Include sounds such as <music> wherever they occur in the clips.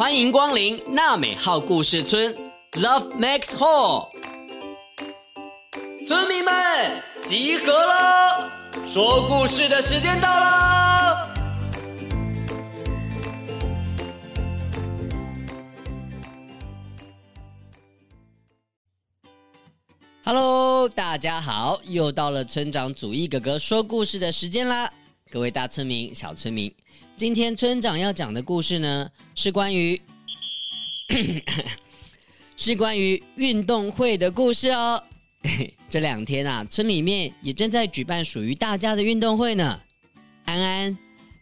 歡迎光臨納美號故事村，Love Max Hall，村民們集合了，說故事的時間到了 Hello, 大家好，又到了村長祖逸哥哥說故事的時間啦，各位大村民、小村民。今天村長要講的故事呢，是關於咳咳，是關於運動會的故事哦。這兩天啊，村裡面也正在舉辦屬於大家的運動會呢。安安，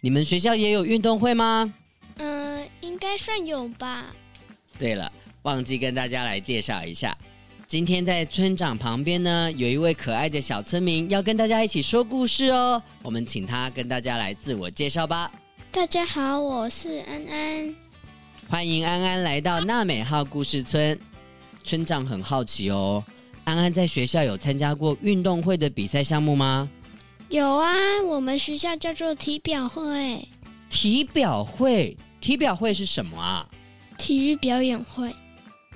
你們學校也有運動會嗎？嗯、呃，應該算有吧。對了，忘記跟大家來介紹一下，今天在村長旁邊呢，有一位可愛的小村民要跟大家一起說故事哦。我們請他跟大家來自我介紹吧。大家好，我是安安。歡迎安安來到納美號故事村。村長很好奇哦，安安在學校有參加過運動會的比賽項目嗎？有啊，我們學校叫做體表會。體表會？體表會是什麼啊？體育表演會。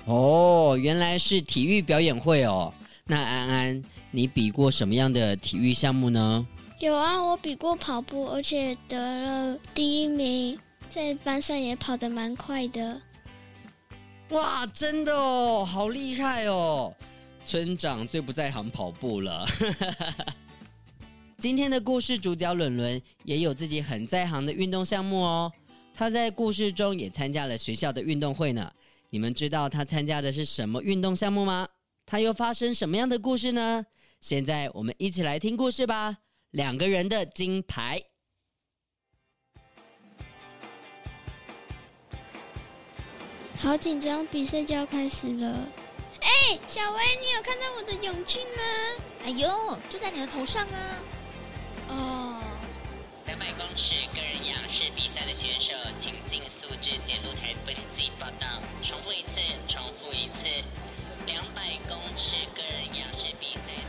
哦，原來是體育表演會哦。那安安，你比過什麼樣的體育項目呢？有啊，我比過跑步，而且得了第一名，在班上也跑得蠻快的。哇，真的哦，好厲害哦！村長最不在行跑步了。 <laughs> 今天的故事主角綸綸也有自己很在行的運動項目哦，他在故事中也參加了學校的運動會呢。你們知道他參加的是什麼運動項目嗎？他又發生什麼樣的故事呢？現在我們一起來聽故事吧。兩個人的金牌，好緊張，比賽就要開始了。哎，小薇，你有看到我的泳鏡嗎？哎呦，就在你的頭上啊！哦，兩百公尺個人仰式比賽的選手，請盡速至檢錄臺登記報到。重複一次，重複一次，兩百公尺個人仰式比賽。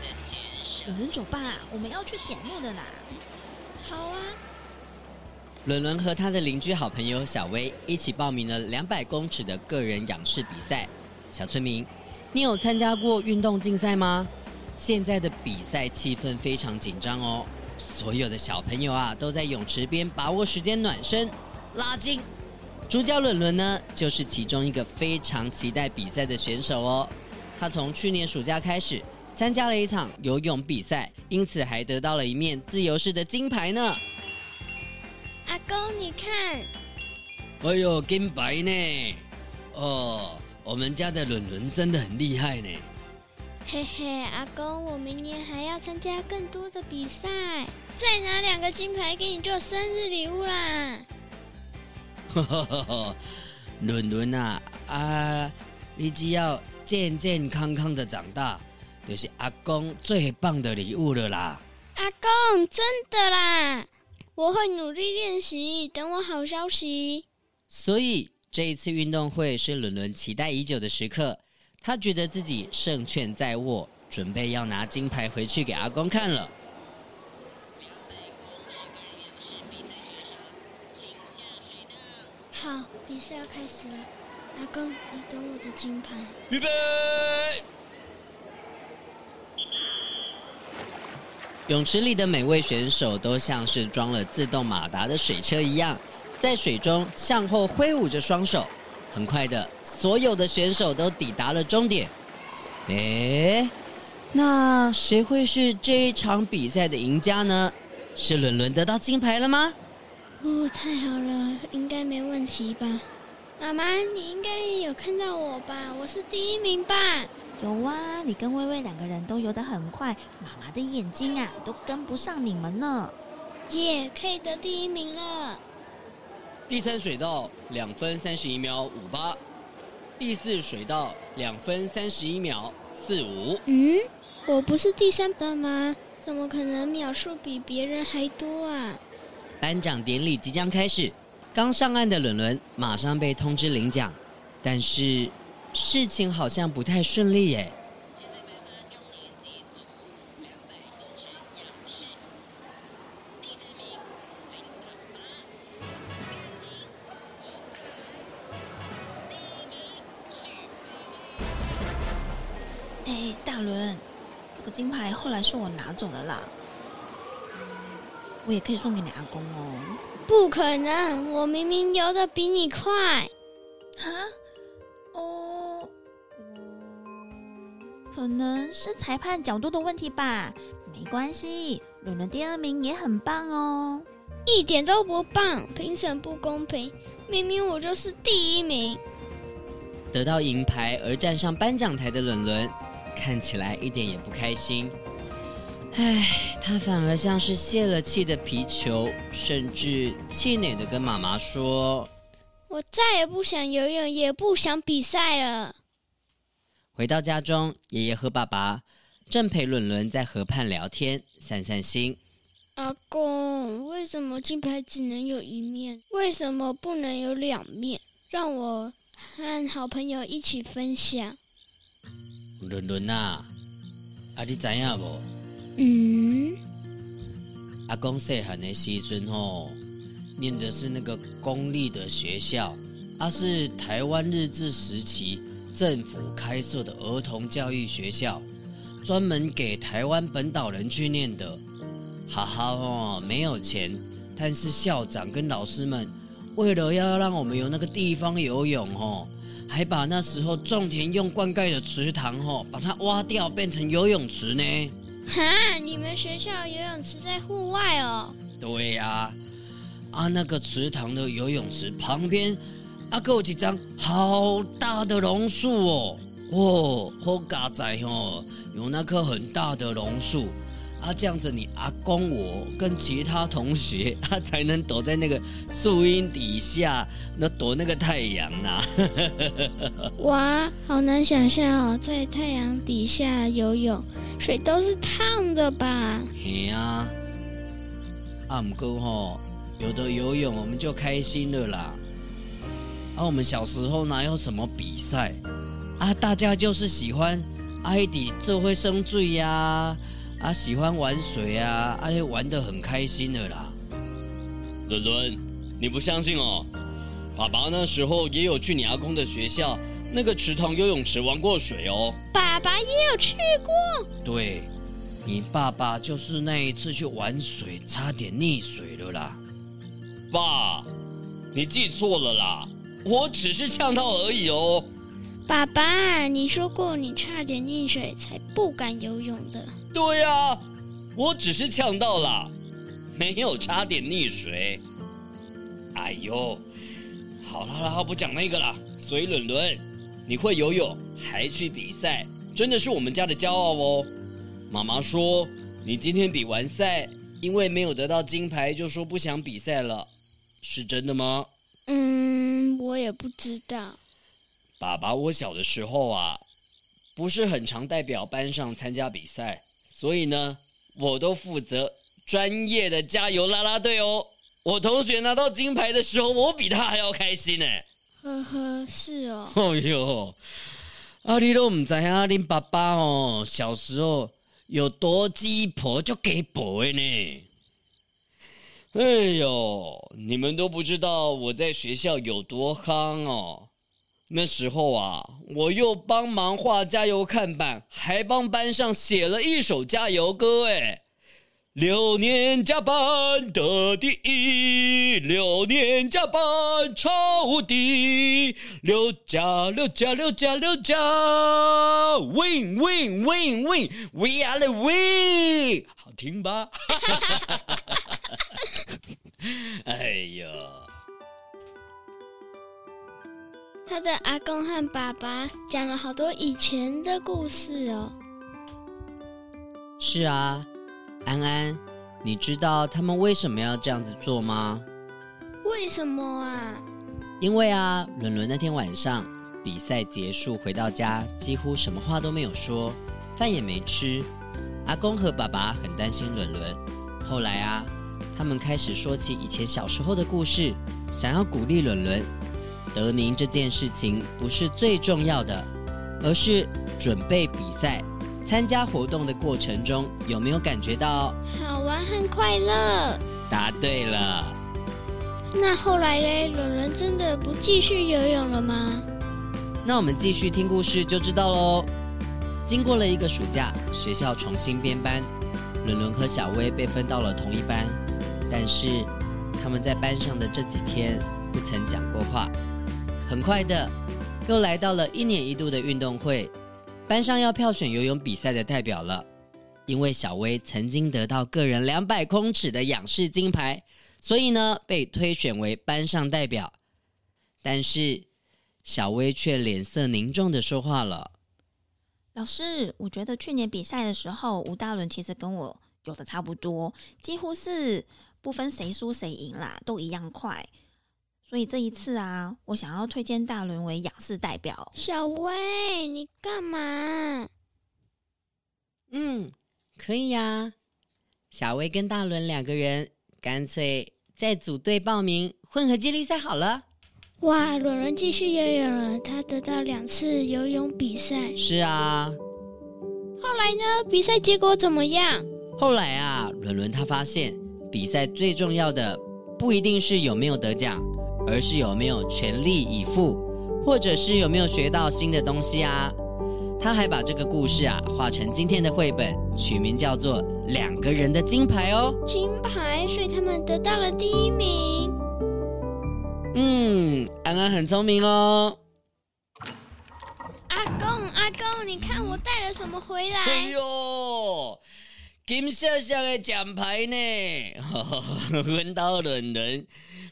綸綸，走吧、啊，我們要去撿木的啦。好啊。綸綸和他的鄰居好朋友小薇一起報名了兩百公尺的個人仰式比賽。小村民，你有參加過運動競賽嗎？現在的比賽氣氛非常緊張哦，所有的小朋友啊都在泳池邊把握時間暖身、嗯、拉筋。主角綸綸呢，就是其中一個非常期待比賽的選手哦。他從去年暑假開始。參加了一場游泳比賽，因此還得到了一面自由式的金牌呢。阿公，你看，哎呦，金牌呢！哦，我們家的綸綸真的很厲害呢。嘿嘿，阿公，我明年還要參加更多的比賽，再拿兩個金牌給你做生日禮物啦。呵呵呵呵，綸綸啊，啊，你只要健健康康的長大。就是阿公最棒的禮物了啦！阿公，真的啦！我會努力練習，等我好消息。所以這一次運動會是綸綸期待已久的時刻，他覺得自己勝券在握，準備要拿金牌回去給阿公看了。了好，比賽要開始了，阿公，你等我的金牌。預備。泳池裡的每位選手都像是裝了自動馬達的水車一樣，在水中向後揮舞着雙手。很快的，所有的選手都抵達了終點。誒，那誰會是這一場比賽的贏家呢？是綸綸得到金牌了嗎？哦，太好了，應該沒問題吧。媽媽，你應該也有看到我吧？我是第一名吧？有啊，你跟薇薇兩個人都游得很快，媽媽的眼睛啊都跟不上你們呢。也、yeah, 可以得第一名了。第三水道兩分三十一秒五八，第四水道兩分三十一秒四五。嗯，我不是第三的嗎？怎麼可能秒數比別人還多啊？頒獎典禮即將開始。剛上岸的綸綸馬上被通知領獎，但是事情好像不太順利耶。哎，大綸，這個金牌後來是我拿走了啦。我也可以送給你阿公哦。不可能，我明明游得比你快。啊？哦、oh...，可能是裁判角度的問題吧。沒關係，綸綸第二名也很棒哦。一點都不棒，評審不公平，明明我就是第一名。得到銀牌而站上頒獎台的綸綸，看起來一點也不開心。哎，他反而像是洩了氣的皮球，甚至氣餒地跟媽媽說：“我再也不想游泳，也不想比賽了。”回到家中，爺爺和爸爸正陪綸綸在河畔聊天、散散心。阿公，為什麼金牌只能有一面？為什麼不能有兩面？讓我和好朋友一起分享。綸綸啊，阿、啊、你知影不？嗯嗯，阿公細漢的時陣，吼，念的是那個公立的學校，啊，他是台灣日治時期政府開設的兒童教育學校，專門給台灣本島人去念的。哈哈，吼、喔，沒有錢，但是校長跟老師們為了要讓我們有那個地方游泳吼、喔，還把那時候種田用灌溉的池塘吼、喔，把它挖掉變成游泳池呢。哈，你們學校游泳池在戶外哦。對呀、啊，啊，那個池塘的游泳池旁邊，啊，有幾張好大的榕樹哦。哇、哦，好嘎仔哦，有那棵很大的榕樹。啊，這樣子，你阿公我跟其他同學、啊，他才能躲在那個樹蔭底下，那躲那個太陽啊。 <laughs> 哇，好難想象哦，在太陽底下游泳，水都是燙的吧？嘿呀阿姆哥吼，有的游泳我們就開心了啦。啊，我們小時候哪有什麼比賽？啊，大家就是喜歡，埃迪，就會生醉呀、啊。啊，喜歡玩水啊，阿、啊、也玩得很開心的啦。倫倫，你不相信哦？爸爸那時候也有去你阿公的學校那個池塘游泳池玩過水哦。爸爸也有去過。對，你爸爸就是那一次去玩水，差點溺水了啦。爸，你記錯了啦，我只是嗆到而已哦。爸爸，你說過你差點溺水，才不敢游泳的。對呀、啊，我只是嗆到了，沒有差點溺水。哎呦，好了，好了，好，不講那個了。所以倫倫，你會游泳還去比賽，真的是我們家的驕傲哦。媽媽說你今天比完賽，因為沒有得到金牌就說不想比賽了，是真的嗎？嗯，我也不知道。爸爸，我小的時候啊，不是很常代表班上參加比賽。所以呢，我都負責專業的加油啦啦隊哦。我同學拿到金牌的時候，我比他還要開心呢。呵呵，是哦。哎喲，阿弟都唔在阿林爸爸哦，小時候有多雞婆就給婆呢。哎喲，你們都不知道我在學校有多夯哦。那時候啊，我又幫忙畫加油看板，還幫班上寫了一首加油歌哎。六年甲班得第一，六年甲班超無敵，六甲六甲六甲六甲，win win win win，we are the win，好聽吧？ <laughs> <laughs> <laughs> 哎呦。他的阿公和爸爸講了好多以前的故事哦。是啊，安安，你知道他們為什麼要這樣子做嗎？為什麼啊？因為啊，綸綸那天晚上比賽結束回到家，幾乎什麼話都沒有說，飯也沒吃。阿公和爸爸很擔心綸綸。後來啊，他們開始說起以前小時候的故事，想要鼓勵綸綸。得名這件事情不是最重要的，而是準備比賽、參加活動的過程中有沒有感覺到好玩和快樂？答對了。那後來嘞，綸綸真的不繼續游泳了嗎？那我們繼續聽故事就知道嘍。經過了一個暑假，學校重新編班，綸綸和小薇被分到了同一班，但是他們在班上的這幾天不曾講過話。很快的，又來到了一年一度的運動會，班上要票選游泳比賽的代表了。因為小薇曾經得到個人兩百公尺的仰式金牌，所以呢，被推選為班上代表。但是小薇卻臉色凝重的說話了：“老師，我覺得去年比賽的時候，吳大倫其實跟我有的差不多，幾乎是不分誰輸誰贏啦，都一樣快。”所以這一次啊，我想要推薦大綸為仰式代表。小薇，你幹嘛？嗯，可以呀、啊。小薇跟大綸兩個人乾脆再組隊報名混合接力賽好了。哇，綸綸繼續游泳了，他得到兩次游泳比賽。是啊。後來呢？比賽結果怎麼樣？後來啊，綸綸他發現比賽最重要的不一定是有沒有得獎。而是有沒有全力以赴，或者是有沒有學到新的東西啊？他還把這個故事啊畫成今天的繪本，取名叫做《兩個人的金牌》哦。金牌，所以他們得到了第一名。嗯，安安很聰明哦。阿公，阿公，你看我帶了什麼回來？哎呦！金閃閃的獎牌呢？輪到綸綸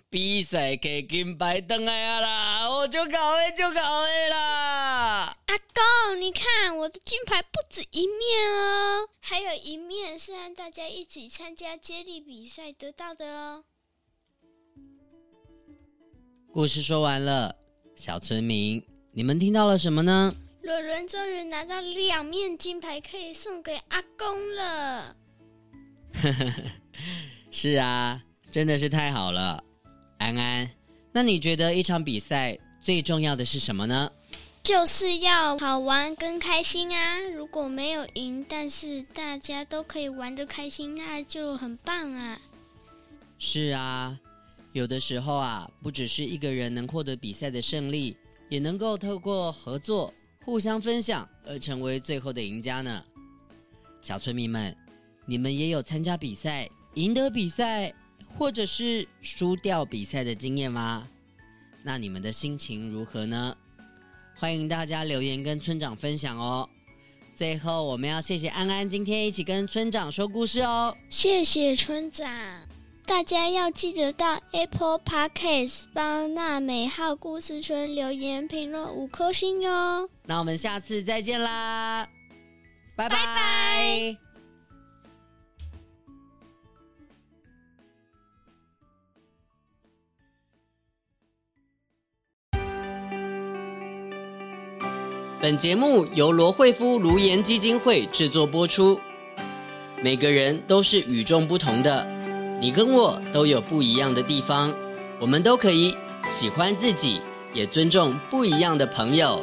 比賽，給金牌登來啊啦！我就搞的，就搞的啦！阿公，你看我的金牌不止一面哦，還有一面是讓大家一起參加接力比賽得到的哦。故事說完了，小村民，你們聽到了什麼呢？綸綸終於拿到兩面金牌，可以送給阿公了。 <laughs> 是啊，真的是太好了。安安，那你覺得一場比賽最重要的是什麼呢？就是要好玩跟開心啊！如果沒有贏，但是大家都可以玩得開心，那就很棒啊。是啊，有的時候啊，不只是一個人能獲得比賽的勝利，也能夠透過合作。互相分享而成為最後的贏家呢，小村民們，你們也有參加比賽、贏得比賽，或者是輸掉比賽的經驗嗎？那你們的心情如何呢？歡迎大家留言跟村長分享哦。最後，我們要謝謝安安今天一起跟村長說故事哦。謝謝村長。大家要記得到 Apple Podcast 幫納美號故事村留言評論五顆星哦！那我們下次再見啦，bye bye 拜拜。本節目由羅慧夫顱顏基金會製作播出。每個人都是與眾不同的。你跟我都有不一樣的地方，我們都可以喜歡自己，也尊重不一樣的朋友。